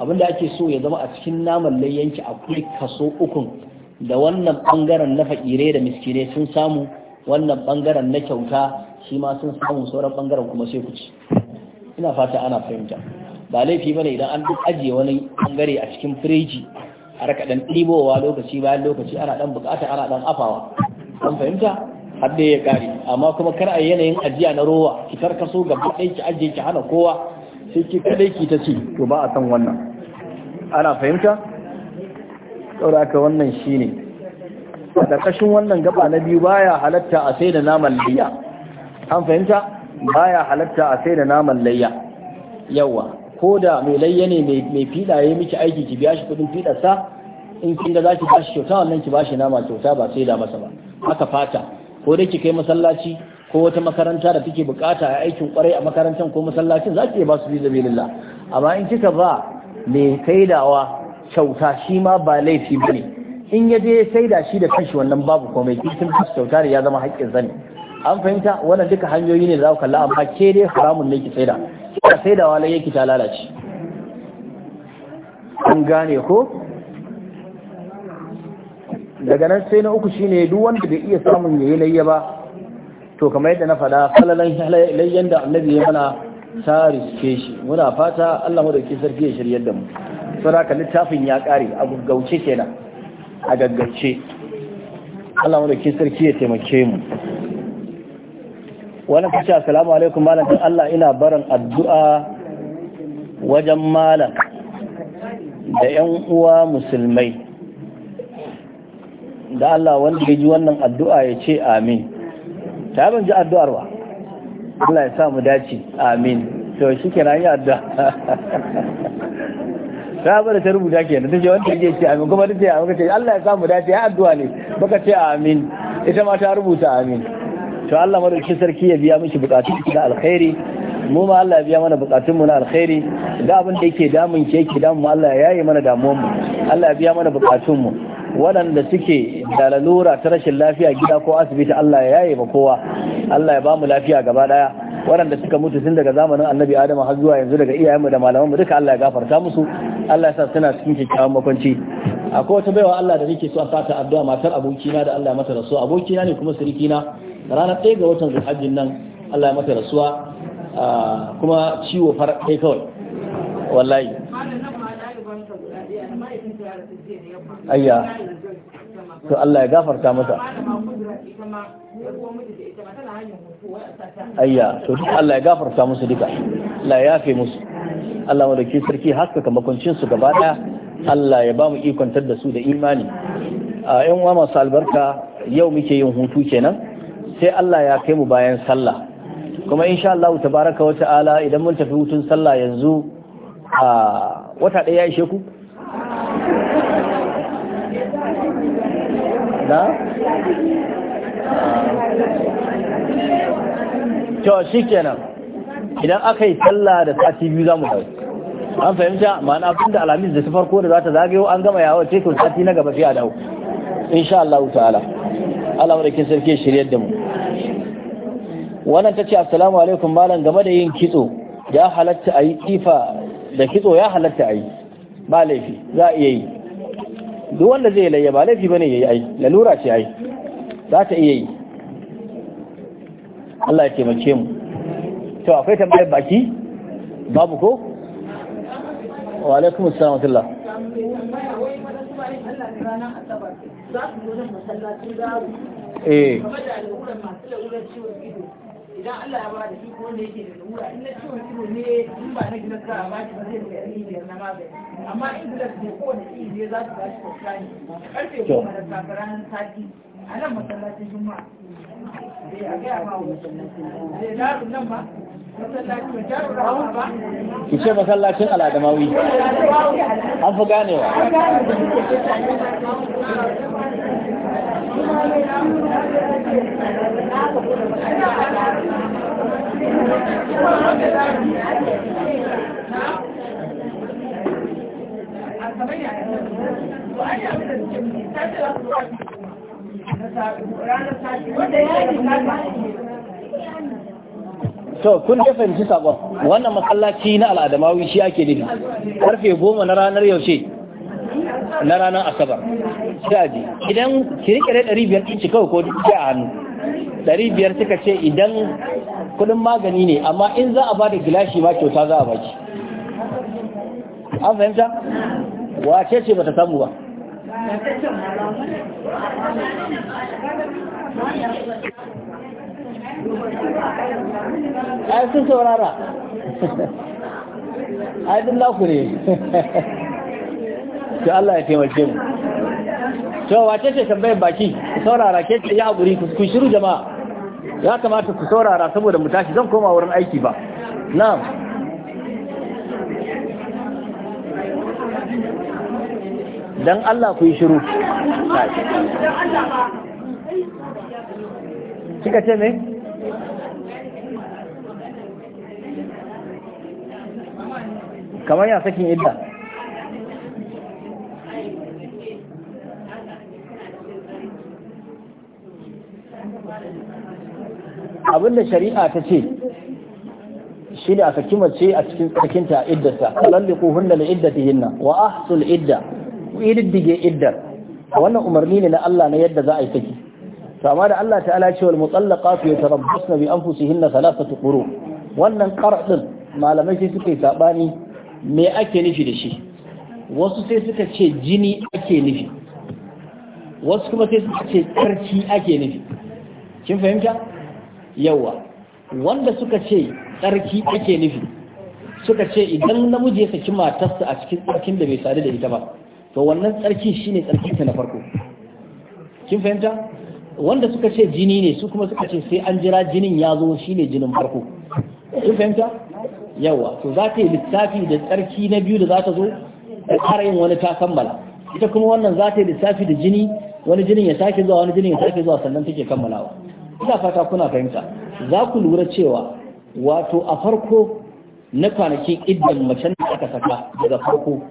abin da ake so ya zama a cikin naman layyanki akwai kaso ukun da wannan ɓangaren na fakire da miskire sun samu wannan ɓangaren na kyauta shi ma sun samu sauran ɓangaren kuma sai ku ci ina fata ana fahimta ba laifi ne idan an duk ajiye wani ɓangare a cikin firiji a raka ɗan ɗibowa lokaci bayan lokaci ana ɗan buƙata ana ɗan afawa an fahimta har dai ya kare amma kuma kar a yanayin ajiya na rowa ki tarkaso gaba ɗaya ki ajiye ki hana kowa sai ki kadai ki ta ci to ba a san wannan ana fahimta saboda haka wannan shine a ƙarƙashin wannan gaba na biyu baya halatta a sai da naman layya an fahimta baya halatta a sai da naman layya yawa ko da mai layya ne mai fiɗaye miki aiki ki biya shi kuɗin fiɗarsa in kin za ki ba shi kyauta wannan ki ba shi nama kyauta ba sai da masa ba haka fata ko dai ki kai masallaci ko wata makaranta da take bukata a aikin kwarai a makarantar ko masallacin za ki iya ba su bi zabilillah amma in kika ba mai saidawa kyauta shi ma ba laifi ba ne in ya je sai da shi da kanshi wannan babu komai kin kyauta da ya zama haƙƙin zane an fahimta wannan duka hanyoyi ne da za ku kalla amma ke dai haramun ne ki saida saidawa lai yake ta lalace an gane ko daga nan sai na uku shine duk wanda bai iya samun yayi layya ba to kamar yadda na faɗa falalan layyan da annabi ya mana ta riske shi muna fata Allah madauki sarki ya shiryar da mu saboda littafin ya kare a gaggauce kenan a gaggauce Allah madauki sarki ya taimake mu wannan kace assalamu alaikum malam dan Allah ina baran addu'a wajen malam da ƴan uwa musulmai da Allah wanda ya ji wannan addu'a ya ce amin ta ban ji addu'ar ba Allah ya sa mu dace amin to shi ke na yi addu'a ta bada ta rubuta ke ta ce wanda ya ce amin kuma ta ce amin ka ce Allah ya sa mu dace ya addu'a ne baka ce amin ita ma ta rubuta amin to Allah madaukakin sarki ya biya miki bukatun da alkhairi mu ma Allah ya biya mana bukatun mu na alkhairi da abin da yake damun ke yake damun Allah ya yaye mana damuwan mu Allah ya biya mana bukatun mu waɗanda suke da lalura ta rashin lafiya gida ko asibiti Allah ya yaye ba kowa Allah ya bamu lafiya gaba daya waɗanda suka mutu tun daga zamanin annabi Adamu har zuwa yanzu daga iyayenmu da malamanmu duka Allah ya gafarta musu Allah ya sa suna cikin kyakkyawan makwanci akwai wata baiwa Allah da nake so a sata addu'a matar abokina da Allah ya mata rasuwa abokina ne kuma na. ranar ɗaya ga watan zuhajjin nan Allah ya mata rasuwa kuma ciwo fara kai kawai wallahi ayya to Allah ya gafarta masa ayya to duk Allah ya gafarta musu duka Allah ya yafe musu Allah wa sarki haskaka makwancin su gaba daya Allah ya ba mu tar da su da imani a yan uwa masu albarka yau muke yin hutu kenan sai Allah ya kai mu bayan sallah kuma insha Allah tabaraka wa ta'ala idan mun tafi hutun sallah yanzu a wata ɗaya ya ishe ku na? shi kenan idan aka yi sallah da sati biyu za mu dawo an fahimta ma'ana abin da alamis da ta farko da za ta zagayo an gama yawon ce sati na gaba sai a dawo insha Allah ta'ala Allah madaukin sarki shirya da mu wannan ta ce assalamu alaikum malam game da yin kitso ya halatta yi, kifa da kitso ya halatta yi, ba laifi za a iya yi duk wanda zai layya ba laifi bane yayi ai lalura ce ai za ta iya yi Allah ya taimake mu to akwai tambayar baki babu ko wa alaikum assalam wa eh idan Allah ya ba da shi wanda yake da lura in na ciwon ciwo ne in ba na gilas sa, a ba shi ba zai da yari biyar na magani amma in gilas ne kowane iri ne za su ba shi kwauta ne karfe goma da safe ranar sati a nan masallacin juma'a sai eh, a gaya ma wa sai daru eh, nan ma ki ce masallacin al'adamawi an fi ganewa to kun ya fahimci sabon wannan masallaci na al'adamawi shi ake nufi karfe goma na ranar yaushe na ranar asabar shaji idan kirkire biyar ɗin cika ko duka a hannu biyar suka ce idan kudin magani ne amma in za a ba da gilashi ma kyauta za a baki an fahimta wace ce ba ta samu ba ai sun saurara ai dun naku ne ta Allah ya taimake mu to wace ce tambayar baki ku saurara ke ce ya buri ku shiru jama'a ya kamata ku saurara saboda mu tashi zan koma wurin aiki ba na'am dan Allah ku yi shiru kika ce ne kamar ya sakin idda Abin da shari'a ta ce shi ne a saki mace a cikin tsarkinta iddarsa lalliku hunna li iddatihinna wa ahsul idda ku iddige iddar wannan umarni ne na Allah na yadda za a yi saki to amma da Allah ta'ala ce wal mutallaqatu yatarabbasna bi anfusihinna thalathatu quru wannan qardin malamai sai suka yi sabani me ake nufi da shi wasu sai suka ce jini ake nufi wasu kuma sai suka ce karki ake nufi kin fahimta yawa wanda suka ce tsarki ake nufi suka ce idan namiji ya saki matarsa a cikin tsarkin da bai sadu da ita ba to wannan tsarki shine tsarkin ta na farko kin fahimta wanda suka ce jini ne su kuma suka ce sai an jira jinin ya zo shine jinin farko kin fahimta yawa to za ta yi littafi da tsarki na biyu da za ta zo da ƙara yin wani ta kammala ita kuma wannan za ta yi littafi da jini wani jinin ya sake zuwa wani jinin ya sake zuwa sannan take kammalawa ina fata kuna fahimta za ku lura cewa wato a farko na kwanakin idan macen da aka saka daga farko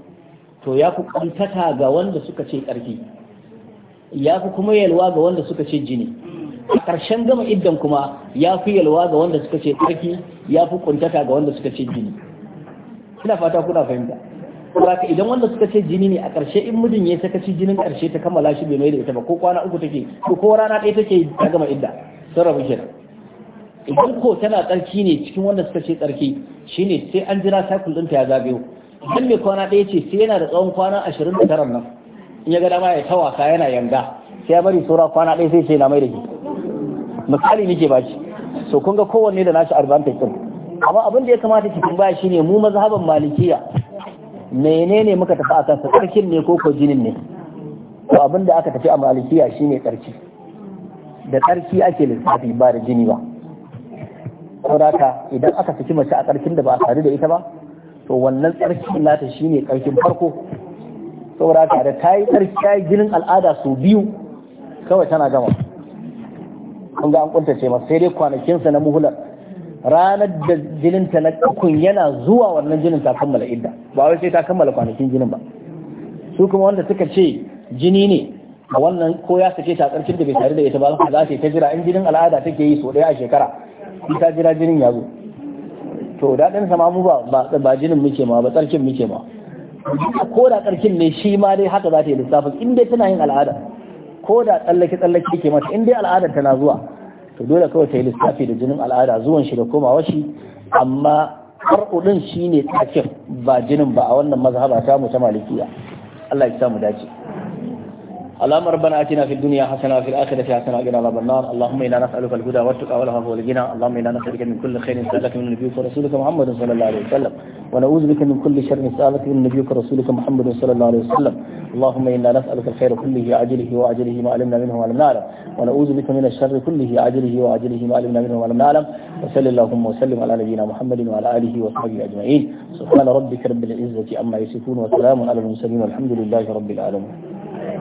to ya fi kwantata ga wanda suka ce ƙarfi ya fi kuma yalwa ga wanda suka ce jini a ƙarshen gama idan kuma ya fi yalwa ga wanda suka ce ƙarfi ya fi kwantata ga wanda suka ce jini ina fata kuna fahimta saboda idan wanda suka ce jini ne a ƙarshe in mijin ya saka ci jinin ƙarshe ta kammala shi bai mai da ita ba ko kwana uku take ko rana ɗaya take ta gama idda sun rabu kenan idan ko tana tsarki ne cikin wanda suka ce tsarki shine sai an jira cycle ɗinta ya zagayo idan mai kwana ɗaya ce sai yana da tsawon kwana ashirin da nan in ya ga dama ya tawaka yana yanga sai ya bari saura kwana ɗaya sai sai na mai da shi misali nake ba shi so kun ga kowanne da nashi advantage din amma abin da ya kamata ki tambaya shine mu mazhaban malikiya menene muka tafi akan sa tsarkin ne ko ko jinin ne to abin da aka tafi a malikiya shine tsarki da tsarki ake lissafi ba da jini ba saboda idan aka saki mace a tsarkin da ba a sadu da ita ba to wannan tsarki nata shine karkin farko saboda da ta yi tsarki ya yi jinin al'ada su biyu kawai tana gama kun ga an kuntace masa sai dai kwanakinsa na muhular ranar da jininta na ukun yana zuwa wannan jinin ta kammala idda ba wai sai ta kammala kwanakin jinin ba su kuma wanda suka ce jini ne a wannan ko ya sake ta karfin da bai tare da ita ba za ta ta jira in jinin al'ada take yi so daya a shekara in ta jira jinin ya zo to daɗin sama mu ba ba jinin muke ma ba tsarkin muke ma ko da tsarkin ne shi ma dai haka za ta yi lissafin in dai tana yin al'ada ko da tsallake tsallake yake mata in dai al'adar tana zuwa to dole kawai ta yi lissafi da jinin al'ada zuwan shi da komawa shi amma shi shine tsakin ba jinin ba a wannan mazhaba ta mu ta malikiya Allah ya sa mu dace اللهم ربنا اتنا في الدنيا حسنه وفي الاخره حسنه وقنا عذاب النار اللهم انا نسالك الهدى والتقى والعفو والغنى اللهم انا نسالك من كل خير سالك من نبيك ورسولك محمد صلى الله عليه وسلم ونعوذ بك من كل شر سالك من نبيك ورسولك محمد صلى الله عليه وسلم اللهم انا نسالك الخير كله عاجله واجله ما علمنا منه ولم نعلم ونعوذ بك من الشر كله عاجله واجله ما علمنا منه ولم نعلم وصل اللهم وسلم على نبينا محمد وعلى اله وصحبه اجمعين سبحان ربك رب العزه عما يصفون وسلام على المرسلين والحمد لله رب العالمين